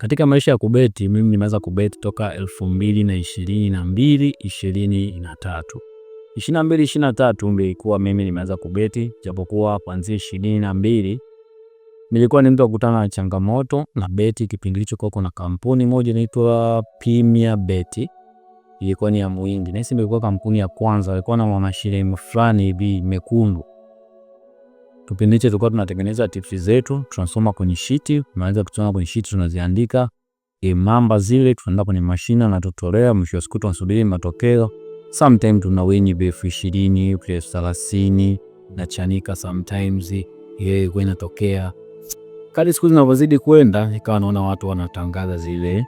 Katika maisha ya kubeti, mimi nimeanza kubeti toka elfu mbili na ishirini na mbili ishirini na tatu ishirini na mbili ishirini na tatu ilikuwa mimi nimeanza kubeti, japokuwa kuanzia ishirini na mbili nilikuwa ni mtu akutana na changamoto na beti. Kipindi hicho kulikuwa kuna kampuni moja inaitwa Premier Beti, ilikuwa ni ya Muhindi, nahisi ndio ilikuwa kampuni ya kwanza, alikuwa na mwanasheria fulani hivi mekundu Kipindi hicho tulikuwa tunatengeneza tips zetu, tunasoma kwenye sheet, tunaanza kusoma kwenye sheet tunaziandika e, mamba zile tunaenda kwenye mashina na tutolea, mwisho wa siku tunasubiri matokeo. Sometimes tuna winyi BF 20 plus 30 na chanika sometimes yeye kwa inatokea. kadi siku zinavyozidi kwenda, ikawa naona watu wanatangaza zile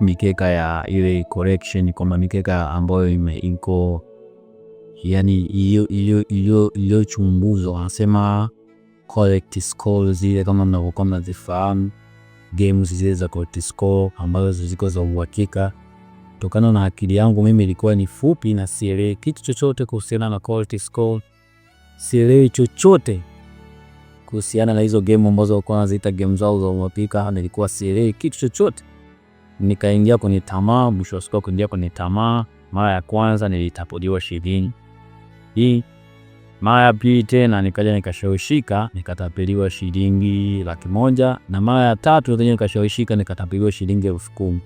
mikeka ya ile correction, kama mikeka ambayo imeinko yani iliyochunguzwa wanasema correct score zile, kama mnavyokuwa mnazifahamu games zile za correct score ambazo ziko za uhakika. Kutokana na akili yangu mimi ilikuwa ni fupi na sielewi kitu chochote kuhusiana na correct score, sielewi chochote kuhusiana na hizo game ambazo walikuwa wanaziita game zao za uhakika, nilikuwa sielewi kitu chochote. Nikaingia kwenye tamaa, mwisho wa siku kuingia kwenye tamaa. Mara ya kwanza nilitapuliwa shilingi hii. Mara ya pili tena nikaja nikashawishika, nikatapeliwa shilingi laki moja na mara ya tatu tena nikashawishika, nikatapeliwa shilingi elfu kumi.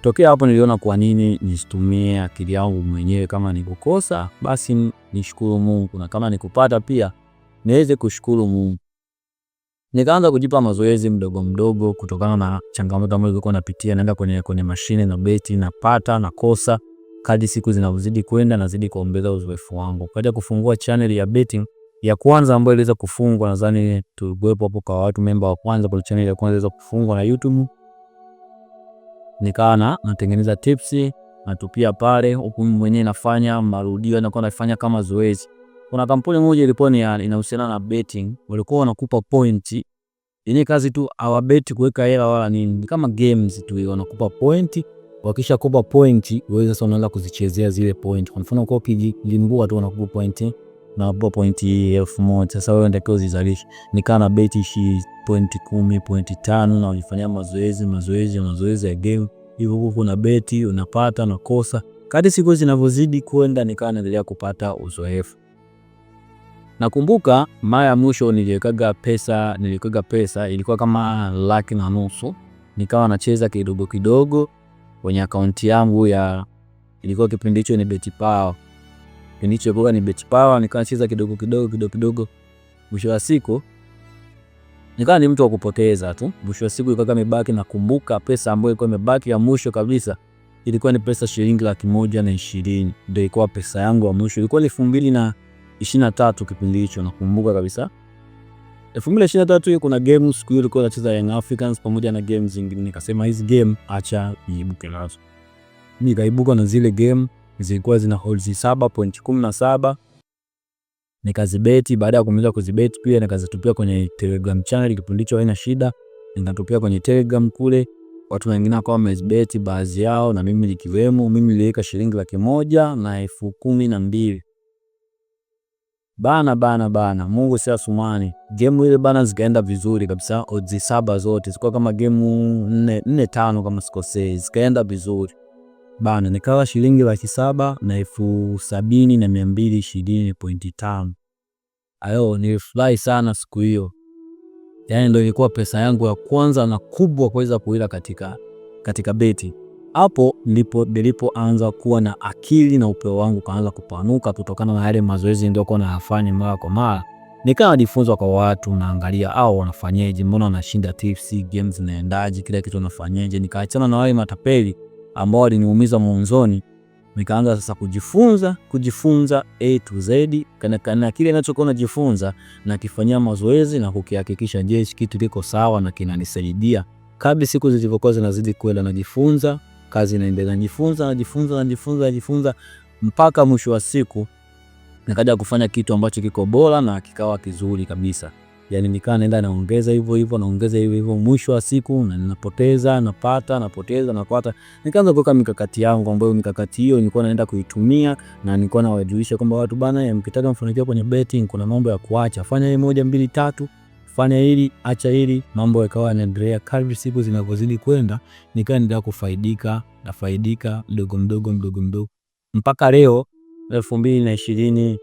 Tokea hapo niliona kwa nini nisitumie akili yangu mwenyewe. Kama nikukosa basi nishukuru Mungu, na kama nikupata pia niweze kushukuru Mungu. Nikaanza kujipa mazoezi mdogo mdogo, kutokana na changamoto ambazo nilikuwa napitia, naenda kwenye kwenye mashine na beti, napata nakosa kadri siku zinavyozidi kwenda nazidi kuongeza uzoefu wangu. Kaja kufungua channel ya betting ya kwanza ambayo iliweza kufungwa, nadhani tulikuwepo hapo kwa watu member wa kwanza kwa channel ya kwanza iliweza kufungwa na YouTube, nikawa na natengeneza tips natupia pale, huku mimi mwenyewe nafanya marudio na nafanya kama zoezi. Kuna kampuni moja ilikuwa ni inahusiana na betting, walikuwa wanakupa point yenye kazi tu awabeti kuweka hela wala nini, kama games tu, wanakupa point wakisha kupa point, wewe sasa unaanza kuzichezea zile point. Kwa mfano kwa PG limbua tu anakupa point na hapo point elfu moja sasa wewe unatakiwa uzizalishe. Nikaa na beti shi point kumi point tano na unifanyia mazoezi mazoezi mazoezi ya game hivyo, huko kuna beti unapata na kosa. kadri siku zinavyozidi kwenda, nikaa naendelea kupata uzoefu. Nakumbuka mara ya mwisho niliwekaga pesa niliwekaga pesa ilikuwa kama laki na nusu, nikawa nacheza kidogo kidogo kwenye akaunti yangu ya ilikuwa kipindi hicho ni beti pao, Kipindi hicho ilikuwa ni nikawa nacheza kidogo kidogo kidogo kidogo, mwisho wa siku nikawa ni mtu wa kupoteza tu. Mwisho wa siku ilikuwa kama imebaki, nakumbuka pesa ambayo ilikuwa imebaki ya mwisho kabisa ilikuwa ni pesa shilingi laki moja na ishirini, ndo ilikuwa pesa yangu ya mwisho. Ilikuwa elfu mbili na ishirini na tatu kipindi hicho, nakumbuka kabisa elfu mbili ishirini na tatu kuna game siku hiyo ilikuwa inacheza Young Africans pamoja na game zingine, nikasema hizi game acha niibuke nazo. Nikaibuka na zile game zilikuwa zina holes saba point kumi na saba nikazibeti. Baada ya kumaliza kuzibeti pia nikazitupia kwenye Telegram channel, kipindi hicho haina shida, nikatupia kwenye Telegram kule, watu wengine wakawa wamezibeti baadhi yao na mimi nikiwemo. Mimi niliweka shilingi laki moja na elfu kumi na mbili Bana bana bana, Mungu si Asumani. Gemu ile bana zikaenda vizuri kabisa, odds saba zote zilikuwa kama gemu nne nne tano kama sikosei, zikaenda vizuri bana. Nikawa shilingi laki saba na elfu sabini na mia mbili ishirini pointi tano. Ayo, nilifurahi sana siku hiyo, yaani ndio ilikuwa pesa yangu ya kwanza na kubwa kuweza kuila katika, katika beti. Hapo ndipo nilipoanza kuwa na akili na upeo wangu kaanza kupanuka kutokana na yale mazoezi niliyokuwa nayafanya mara kwa mara. Nikawa najifunza kwa watu, naangalia au wanafanyaje, mbona wanashinda TFC games naendaje kila kitu wanafanyaje. Nikaachana na wale matapeli ambao waliniumiza mwanzoni, nikaanza sasa kujifunza kujifunza A to Z, kana kana kile ninachokuwa najifunza na kifanyia mazoezi na kukihakikisha, je, kitu kiko sawa na kinanisaidia. kabla siku zilivyokuwa zinazidi kwenda, najifunza kazi inaendelea, najifunza najifunza najifunza najifunza mpaka mwisho wa siku nikaja kufanya kitu ambacho kiko bora na kikawa kizuri kabisa. Yani nikaa naenda naongeza hivyo hivyo naongeza hivyo hivyo, mwisho wa siku na ninapoteza napata, napoteza napata. Nikaanza kuweka mikakati yangu, ambayo mikakati hiyo nilikuwa naenda kuitumia na nilikuwa nawajulisha kwamba watu bana, mkitaka mafanikio kwenye betting kuna mambo ya kuacha, fanya hii moja mbili tatu fanya hili, acha hili, mambo yakawa yanaendelea. Kadri siku zinavyozidi kwenda, nikawa nenda kufaidika nafaidika mdogo mdogo mdogo mdogo mpaka leo elfu mbili na ishirini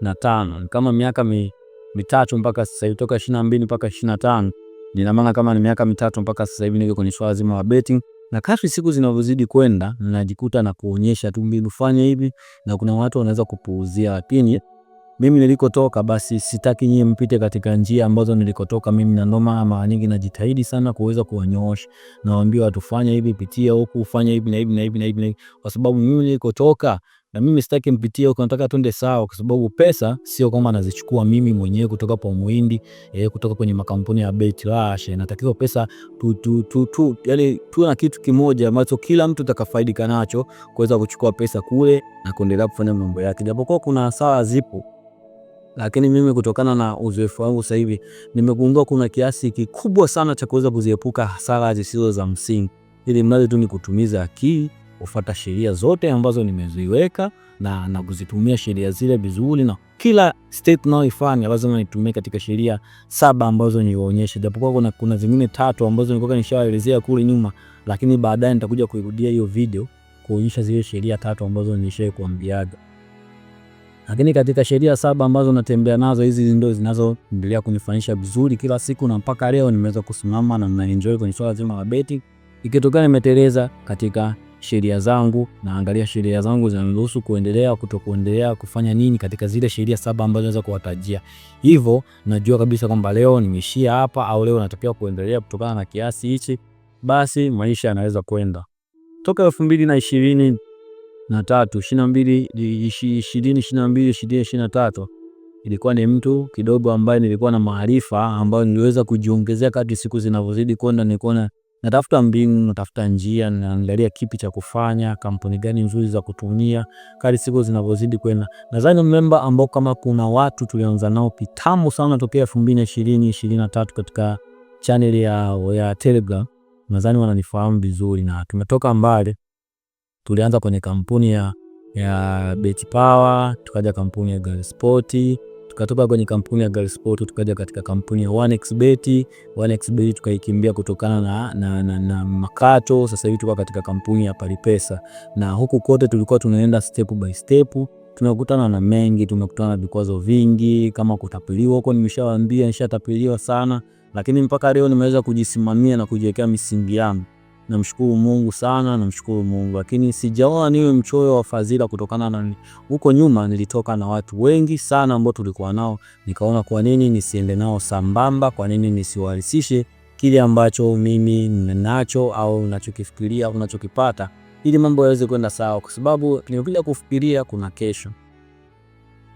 na tano ni kama miaka mi, mitatu mpaka sasa hivi, toka ishirini na mbili mpaka ishirini na tano nina maana kama ni miaka mitatu mpaka sasa hivi niko kwenye swala zima la betting na kadri siku zinavyozidi kwenda najikuta na kuonyesha tu mbinu, fanya hivi, na kuna watu wanaweza kupuuzia, lakini mimi nilikotoka, basi sitaki nyie mpite katika njia ambazo nilikotoka mimi, na ndo maana mara nyingi najitahidi sana kuweza kuwanyoosha, nawaambia watu fanya hivi, pitia huku, fanya hivi na hivi na hivi na hivi, kwa sababu mimi nilikotoka na mimi sitaki mpitie huko, nataka tuende sawa, kwa sababu pesa sio kama nazichukua mimi mwenyewe kutoka kwa muhindi eh, kutoka kwenye makampuni ya beti. La, natakiwa pesa tu, tu, tu, tu, yani tu na kitu kimoja ambacho kila mtu atakafaidika nacho, kuweza kuchukua pesa kule na kuendelea kufanya mambo yake, japokuwa kuna hasara zipo lakini mimi kutokana na uzoefu wangu sasa hivi nimegundua kuna kiasi kikubwa sana cha kuweza kuziepuka hasara zisizo za msingi, ili mradi tu ni kutumiza akili, kufuata sheria zote ambazo nimeziweka na, na kuzitumia sheria zile vizuri, na kila state naoifanya lazima nitumie katika sheria saba ambazo niliwaonyesha, japokuwa kuna, kuna zingine tatu ambazo nilikuwa nishawaelezea kule nyuma, lakini baadaye nitakuja kuirudia hiyo video kuonyesha zile sheria tatu ambazo kuambiaga. Lakini katika sheria saba ambazo natembea nazo, hizi ndio zinazoendelea kunifanyisha vizuri kila siku, na mpaka leo nimeweza kusimama na ninaenjoy kwenye swala zima la beti, ikitokana nimeteleza katika sheria zangu, naangalia sheria zangu zinaruhusu kuendelea kutokuendelea kufanya nini katika zile sheria saba ambazo naweza kuwatajia. Hivyo najua kabisa kwamba leo nimeishia hapa, au leo natakiwa kuendelea kutokana na kiasi hichi, basi maisha yanaweza kwenda toka elfu mbili na ishirini na tatu ishirini na mbili ishirini ishirini na mbili ishirini ishirini na tatu ilikuwa ni mtu kidogo ambaye nilikuwa na maarifa ambayo niliweza kujiongezea kadri siku zinavyozidi kwenda. Nilikuwa natafuta mbinu, natafuta njia, naangalia kipi cha kufanya, kampuni gani nzuri za kutumia kadri siku zinavyozidi kwenda. Nadhani memba ambao kama kuna watu tulianza nao kitambo sana tokea 2020 2023 katika channel ya, ya Telegram nadhani wananifahamu vizuri na tumetoka mbali tulianza kwenye kampuni ya, ya Beti Power, tukaja kampuni ya Sport, tukatoka kwenye kampuni ya Sport tukaja katika kampuni ya 1xBet. 1xBet tukaikimbia kutokana na, na, na, na makato. Sasa hivi tuko katika kampuni ya Palipesa, na huku kote tulikuwa tunaenda step by step tunakutana na mengi, tumekutana na vikwazo vingi kama kutapeliwa huko. Nimeshawaambia nishatapeliwa sana, lakini mpaka leo nimeweza kujisimamia na kujiwekea misingi yangu namshukuru Mungu sana, namshukuru Mungu, lakini sijaona niwe mchoyo wa fadhila kutokana na huko nyuma nilitoka na watu wengi sana ambao tulikuwa nao, nikaona kwa nini nisiende nao sambamba, kwa nini nisiwaharisishe kile ambacho mimi ninacho au ninachokifikiria au ninachokipata, ili mambo yaweze kwenda sawa, kwa sababu nilikuja kufikiria kuna kesho.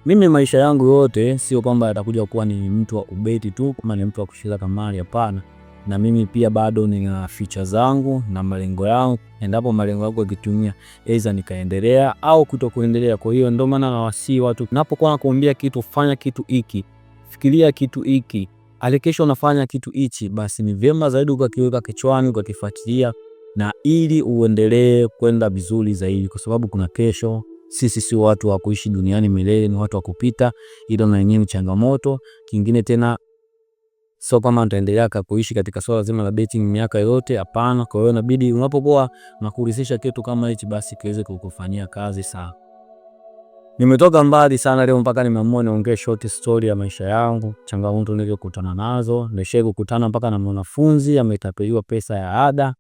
Mimi maisha yangu yote sio kwamba yatakuja kuwa ni mtu wa ubeti tu, kama ni mtu wa kushika kamari, hapana na mimi pia bado nina feature zangu na malengo yangu, endapo malengo yangu yakitumia, aidha nikaendelea au kutokuendelea. Kwa hiyo ndio maana nawasii watu, napokuwa nakuambia kitu, fanya kitu hiki, fikiria kitu hiki, alikesho unafanya kitu hichi, basi ni vyema zaidi ukakiweka kichwani, ukakifuatilia na ili uendelee kwenda vizuri zaidi, kwa sababu kuna kesho. Sisi si watu wa kuishi duniani milele, ni watu wa kupita, ila na yenyewe changamoto kingine tena sio kama nitaendelea kuishi katika swala zima la betting miaka yote, hapana. Kwa hiyo inabidi unapokuwa na kurisisha kitu kama hichi, basi kiweze kukufanyia kazi sana. Nimetoka mbali sana leo mpaka nimeamua niongee short story ya maisha yangu, changamoto nilizokutana nazo. Nimeshawahi kukutana mpaka na mwanafunzi ametapeliwa pesa ya ada.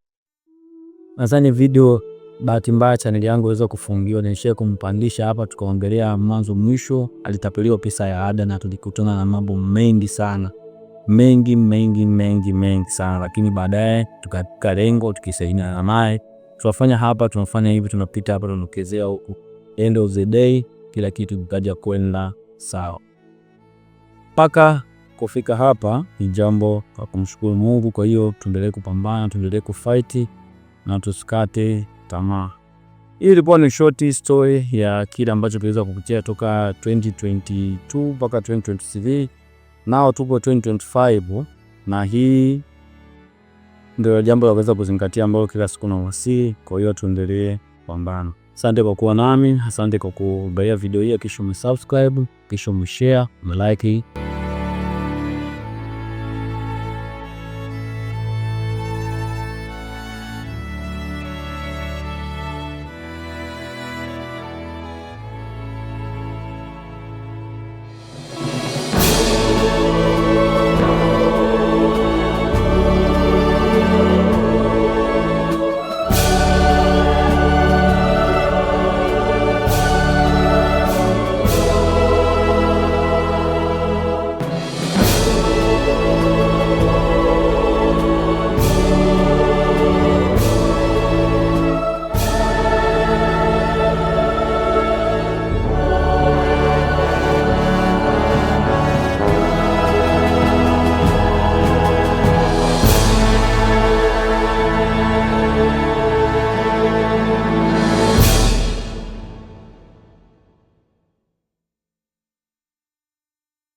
Nadhani video bahati mbaya chaneli yangu iweza kufungiwa, nilishawahi kumpandisha hapa, tukaongelea mwanzo mwisho, alitapeliwa pesa ya ada na tulikutana na mambo mengi sana mengi mengi mengi mengi sana, lakini baadaye tukafika lengo, tukisaidiana naye tunafanya hapa tunafanya hivi tunapita hapa tunaokezea huku, end of the day kila kitu kikaja kwenda sawa. Mpaka kufika hapa ni jambo la kumshukuru Mungu. Kwa hiyo tuendelee kupambana, tuendelee kufight na tusikate tamaa. Hii ilikuwa ni short story ya kile ambacho kiliweza kupitia toka 2022 mpaka 2023 nao tupo 2025 na hii ndio jambo la kuweza kuzingatia ambayo kila siku na wasi. Kwa hiyo tuendelee pambano Asante kwa kuwa nami, asante kwa kubaia video hii, kisha umesubscribe, kisha umeshare, umelike.